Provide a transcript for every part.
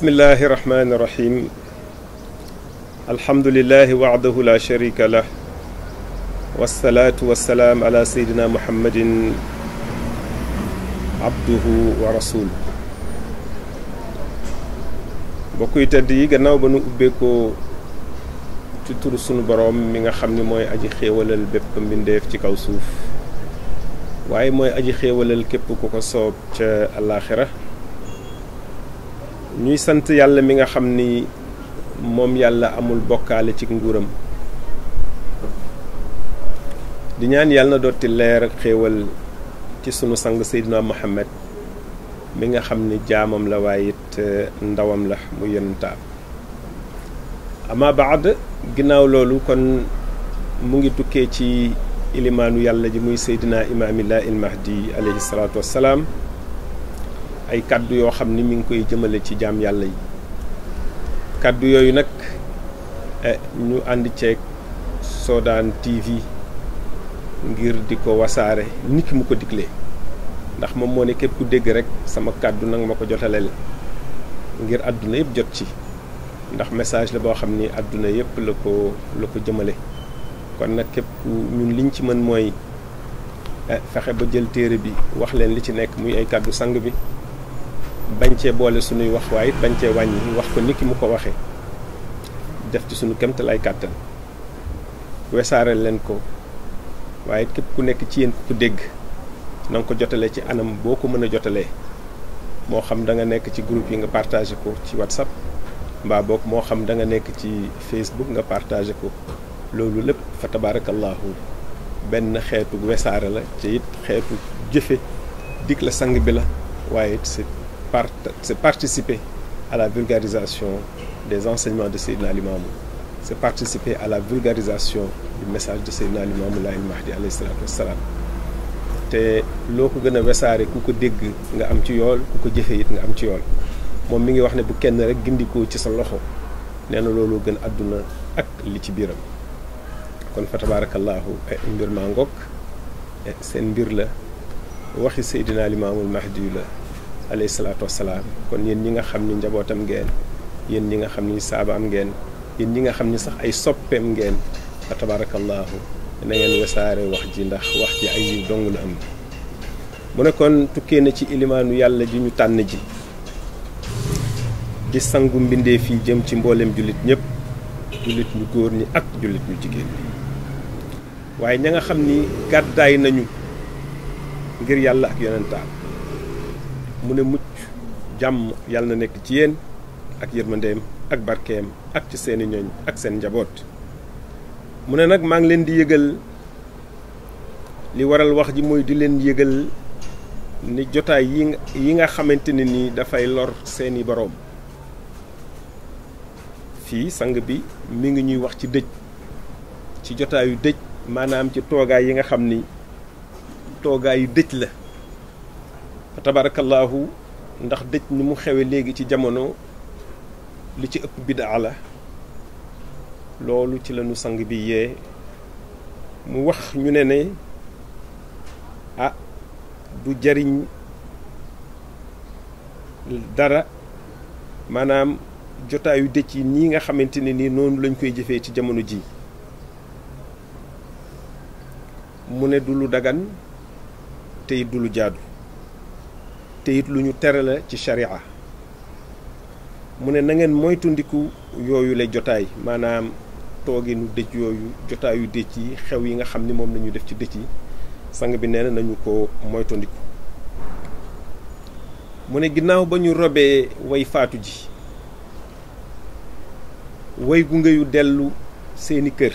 بسم الله الرحمن الرحيم الحمد لله وعده لا شريك له والصلاة والسلام على سيدنا محمد عبده ورسوله بكوي تدي غناو بنو اوبيكو تي تور سونو بروم ميغا خامني موي ادي خيوالال بيب مينديف تي كاو موي ادي خيوالال كيب كوكو سوب تي ñuy sant yàlla mi nga xam ni moom yàlla amul bokkaale ci nguuram di ñaan yàlla dooti leer ak xéewal ci sunu sang Seydina Mohamed mi nga xam ni jaamam la waaye it eh, ndawam la mu yonentaam ama baad ginnaaw loolu kon mu ngi tukkee ci ilimaanu yàlla ji muy Seydina imaamillah il mahdi alayhi salaatu wassalaam ay kàddu yoo xam ni mi ngi koy jëmale ci jaam yàlla yi kàddu yooyu nag eh, ñu ànd ceeg soo Soodaan TV ngir di ko wasaare nit ki mu ko digle ndax moom moo ne képp ku dégg rek sama kàddu nag ma ko jotaleel ngir àdduna yëpp jot ci ndax message la boo xam ni àdduna yëpp la ko la ko jëmale kon nag képp ku ñun liñ ci mën mooy eh, fexe ba jël téere bi wax leen li ci nekk muy ay kàddu sang bi bañ cee boole suñuy wax waaye bañ cee wàññi wax ko ni ki mu ko waxee def ci suñu kemtalaay kàttan wesaare leen ko waaye képp ku nekk ci yéen ku dégg na ko jotalee ci anam boo ko mën a jotalee moo xam danga nekk ci groupe yi nga partagé ko ci whatsapp mbaa boog moo xam danga nekk ci facebook nga partagé ko loolu lépp fa tabaarakallaahu benn xeetu wesaare la ci it xeetu jëfe dig la sang bi la waaye it part, participer à la vulgarisation des enseignements de Sayyidina Ali C'est participer à la vulgarisation du message de Sayyidina Ali Mamou Laye Mahdi alayhi salatu wassalam te loo ko gën a ku ko dégg nga am ci yool ku ko jëfe it nga am ci yool Mom mi ngi wax ne bu kenn rek gindiko ci sa loxo Néna lolu gën ak li ci biram. kon fa e mbir maa ngokk sen mbir la waxi Seydina Limaamul Mahdi la alayhi salatu wassalam kon yeen ñi nga xamni njabotam ngeen yeen ñi nga xamni saaba saabaam ngeen yeen ñi nga xamni sax ay soppem ngeen fa na ngeen wasare wax ji ndax wax ji ay dong la am mu ne kon tukke na ci ilimanu yalla ji ñu tan ji di sangu mbinde fi jëm ci mbollem julit ñep julit ñu goor ñi ak julit ñu jigéen ñi waaye ña nga nañu ngir yalla ak mu ne mucc jàmm yàlla na nekk ci yéen ak yërmandeem ak barkeem ak ci seeni ñooñ ak seen njaboot mu ne nag maa ngi leen di yëgal li waral wax ji mooy di leen yëgal ni jotaay yi yi nga xamante ni ni dafay lor seeni boroom fii sang bi mi ngi ñuy wax ci dëj ci jotaayu dëj maanaam ci toogaay yi nga xam ni toogaayu dëj la tabaarakallaahu ndax dëj ni mu xewe léegi ci jamono li ci ëpp bidaa la loolu ci lañu sang bi yee mu wax ñu ne ne a ah, du jariñ dara maanaam jotaayu dëj yi nii nga xamante ni nii noonu lañ koy jëfee ci jamono ji mu ne du dagan tey du jaadu te it lu ñu tere la ci sharia mu ne na ngeen moytundiku yooyu la jotaay maanaam tooginu dëj yooyu jotaayu dëj yi xew yi nga xam ni moom la ñu def ci dëj yi sang bi nee na nañu ko moytundiku mu ne ginnaaw ba ñu robee way faatu ji way gunge yu dellu seeni kër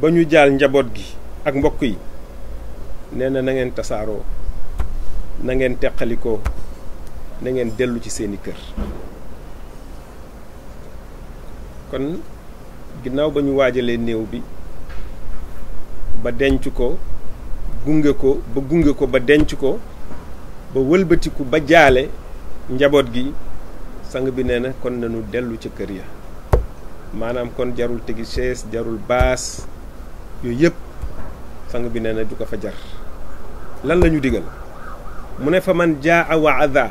ba ñu jaal njaboot gi ak mbokk yi nee na na ngeen tasaaroo nangeen ngeen teqalikoo na ngeen dellu ci seeni kër kon ginnaaw ba ñu waajalee néew bi ba denc ko gunge ko ba gunge ko ba denc ko ba wëlbatiku ba jaale njaboot gi sang bi nee na kon nañu dellu ca kër ya maanaam kon jarul tegi chaise jarul baas yooyu yëpp sang bi nee na du ko fa jar lan lañu ñu digal mu ne fa man jaa wa ada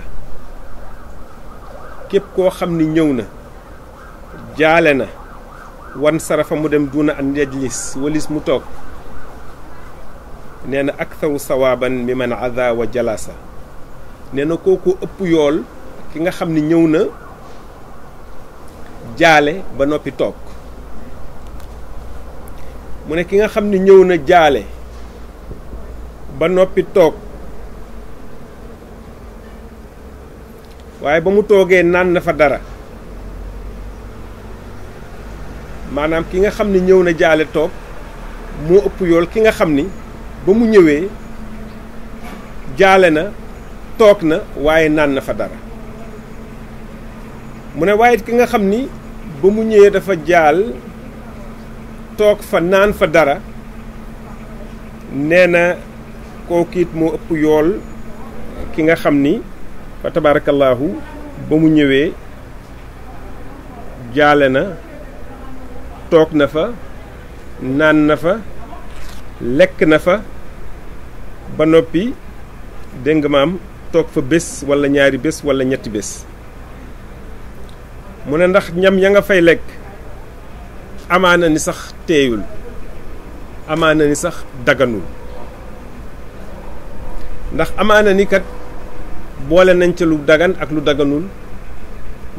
képp koo xam ni ñëw na jaale na wan sarafa mu dem duuna an yajlis walis mu toog nee na ak aktharu sawaaban mi man ada wa jalasa nee na kooku ëpp yool ki nga xam ni ñëw na jaale ba noppi toog mu ne ki nga xam ne ñëw na jaale ba noppi toog waaye ba mu toogee naan na fa dara maanaam ki nga xam ni ñëw na jaale toog moo ëpp yool ki nga xam ni ba mu ñëwee jaale na toog na waaye naan na fa dara mu ne waaye ki nga xam ni ba mu ñëwee dafa jaal toog fa naan fa dara nee na kooku moo ëpp yool ki nga xam ni fa tabaarakallaahu ba mu ñëwee jaale na toog na fa naan na fa lekk na fa ba noppi dégg nga toog fa bés walla ñaari bés walla ñetti bés mu ne ndax ñam ya nga fay lekk amaana ni sax teeyul amaana ni sax daganul ndax amaana ni kat boole nañ ca lu dagan ak lu daganul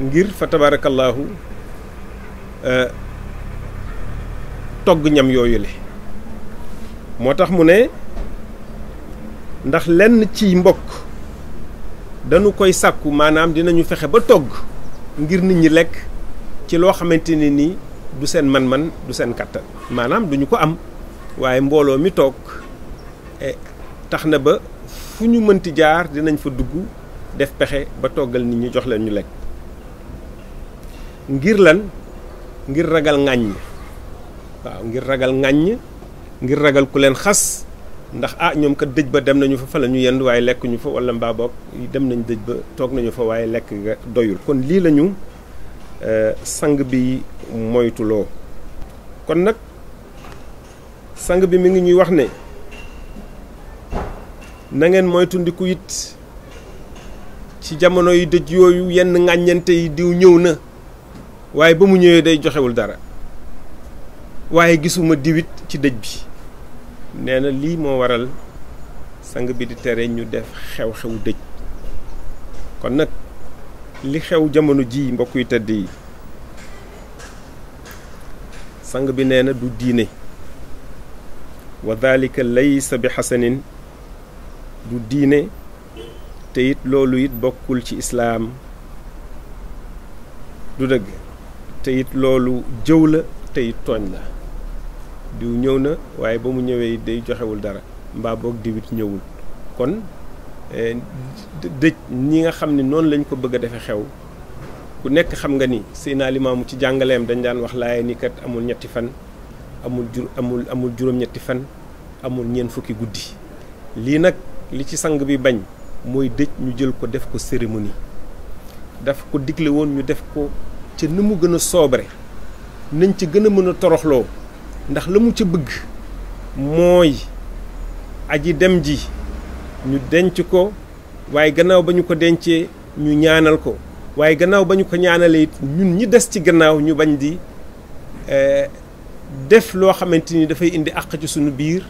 ngir fa euh togg ñam yooyu le moo tax mu ne ndax lenn ci mbokk dañu koy sàkku maanaam dinañu fexe ba togg ngir nit ñi lekk ci loo xamante ni nii du seen man-man du seen kàttan maanaam duñu ko am waaye mbooloo mi toog eh, tax na ba fu ñu mënti jaar dinañ fa dugg def pexé ba togal nit ñi jox leen ñu lek ngir lan ngir ragal ngagn waaw ngir ragal ngagn ngir ragal ku leen xass ndax ah ñom ka dejj ba dem nañu fa fa lañu ñu yend waaye lekk ñu fa wala mba bok dem nañ dejj ba tok nañu fa way lek nga doyul kon li lañu euh, sang bi lo kon nak sang bi mi ngi ñuy wax ne na ngeen moytundiku it ci jamono yu dëj yooyu yenn ŋàññante yi diw ñëw na waaye ba mu ñëwee day joxewul dara waaye gisuma diwit ci dëj bi nee na lii moo waral sang bi di tere ñu def xew-xewu dëj kon nag li xew jamono ji mbokk yu tedd yi sang bi nee na du diine wa dalika laysa bi xasanin du diine te loolu it bokkul ci islaam du dëgg te loolu jëw la te tooñ la diw ñëw na waaye ba mu ñëwee day joxewul dara mbaa boog diwit ñëwul kon eh, dëj ñi nga xam ne noonu lañ ko bëgg a defe xew ku nekk xam nga ni Seydina Limaamu ci jàngaleem dañ daan wax laaye ni kat amul ñetti fan amul jur amul amul juróom-ñetti fan amul ñeent fukki guddi lii nag li ci sang bi bañ mooy dëj ñu jël ko def ko cérémonie daf ko digle woon ñu def ko ca ni mu gën a soobre nañ ci gën a mën a toroxloo ndax la mu ca bëgg mooy aji dem ji ñu denc ko waaye gannaaw ba ñu ko dencee ñu ñaanal ko waaye gannaaw ba ñu ko ñaanalee it ñun ñi des ci gannaaw ñu bañ di eh, def loo xamante ni dafay indi àq ci suñu biir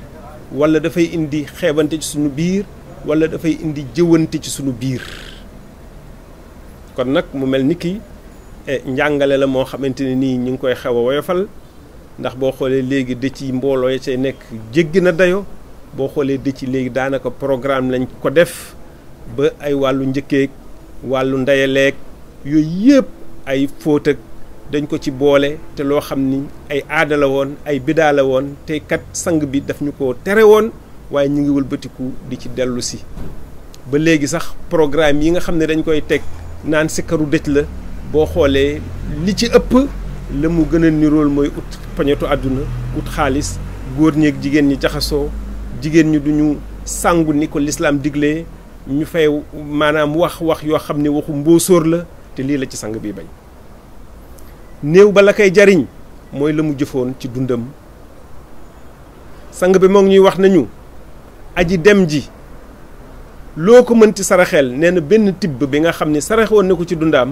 wala dafay indi xeebante ci sunu biir wala dafay indi jëwante ci sunu biir kon nag mu mel ni ki eh, njàngale la moo xamante ne nii ñu ngi koy xew a woyofal ndax boo xoolee léegi dëcc yi mbooloo ya cay nekk jéggi na dayo boo xoolee dëcc yi léegi daanaka programme lañ ko def ba ay wàllu njëkkeek wàllu ndeyaleeg yooyu yëpp ay fóot dañ ko ci boole te loo xam ni ay aadala woon ay bidaa woon te kat sang bi daf ñu ko tere woon waaye ñu ngi wëlbatiku di ci dellusi ba léegi sax programme yi nga xam ne dañ koy teg naan sikaru dëj la boo xoolee li ci ëpp la mu gën a nirool mooy ut poñetu àdduna ut xaalis góor ñeeg jigéen ñi jaxasoo jigéen ñi duñu sangu ni ko lislaam digle ñu fay maanaam wax wax yoo xam ne waxu mbóosóor la te lii la ci sang bi bañ néew ba la koy jariñ mooy la mu jëfoon ci dundam sang bi moo ngi ñuy wax nañu aji dem ji loo ko mënti saraxel nee na benn tibb bi nga xam ni saraxewoon na ko ci dundaam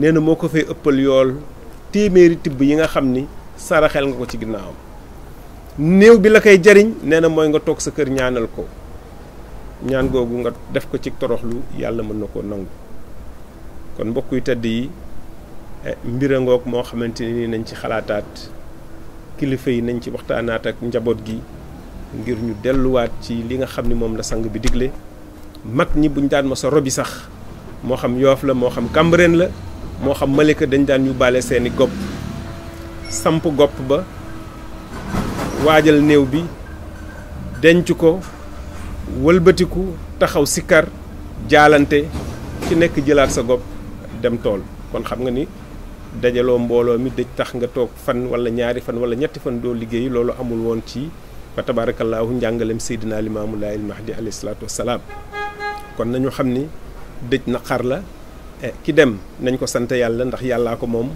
nee na moo ko fay ëppal yool téeméeri tibb yi nga xam ni saraxel nga ko ci ginnaawam néew bi la koy jariñ nee na mooy nga toog sa kër ñaanal ko ñaan googu nga def ko ci toroxlu yàlla mën na koo nangu kon mbokk yu yi mbira ngoog moo xamante ni nañ ci xalaataat kilifa yi nañ ci waxtaanaat ak njaboot gi ngir ñu delluwaat ci li nga xam ni moom la sang bi digle mag ñi buñ daan ma sa robi sax moo xam yoof la moo xam kambreen la moo xam malika dañ daan yóbbaale seeni gopp samp gopp ba waajal néew bi denc ko wëlbatiku taxaw sikkar jaalante ci nekk jëlaat sa gopp dem tool kon xam nga ni dajalo mbolo mi dej tax nga tok fan wala ñaari fan wala ñetti fan do liggey lolu amul won ci fa njangalem sayyidina al imam al mahdi alayhi salatu wassalam kon nañu xamni dej na xar la eh, ki dem nañ ko sante yalla ndax yalla ko mom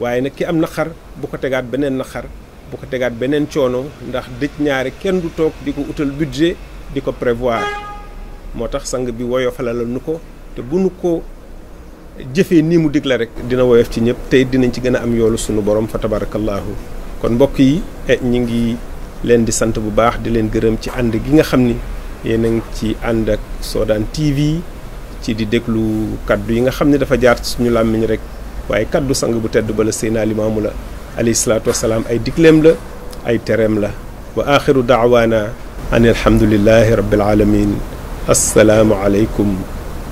waye nak ki am xar bu ko tegaat nakar, xar bu ko tegaat benen coono ndax dej ñaari kenn du tok di outal budget di prévoir motax sang bi woyofalal la nuko te bu nuko jëfee nii mu digle rek dina woyof ci ñëpp tey dinañ ci gën a am yoolu sunu borom fa tabarakallahu kon mbokk yi eh, ñi ngi leen di sant bu baax di leen gërëm ci ànd gi nga xam ni yéen a ngi ci ànd ak soo daan TV ci di déglu kaddu yi nga xam ne dafa jaar suñu làmmiñ rek waaye kàddu sang bu tedd ba la Seydina Limaamu la alayhi salaatu wasalaam ay digleem la ay tereem la wa axiru daawaana an alhamdulillahi rabbil alamin assalaamu aleykum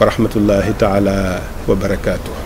ورحمة الله تعالى وبركاته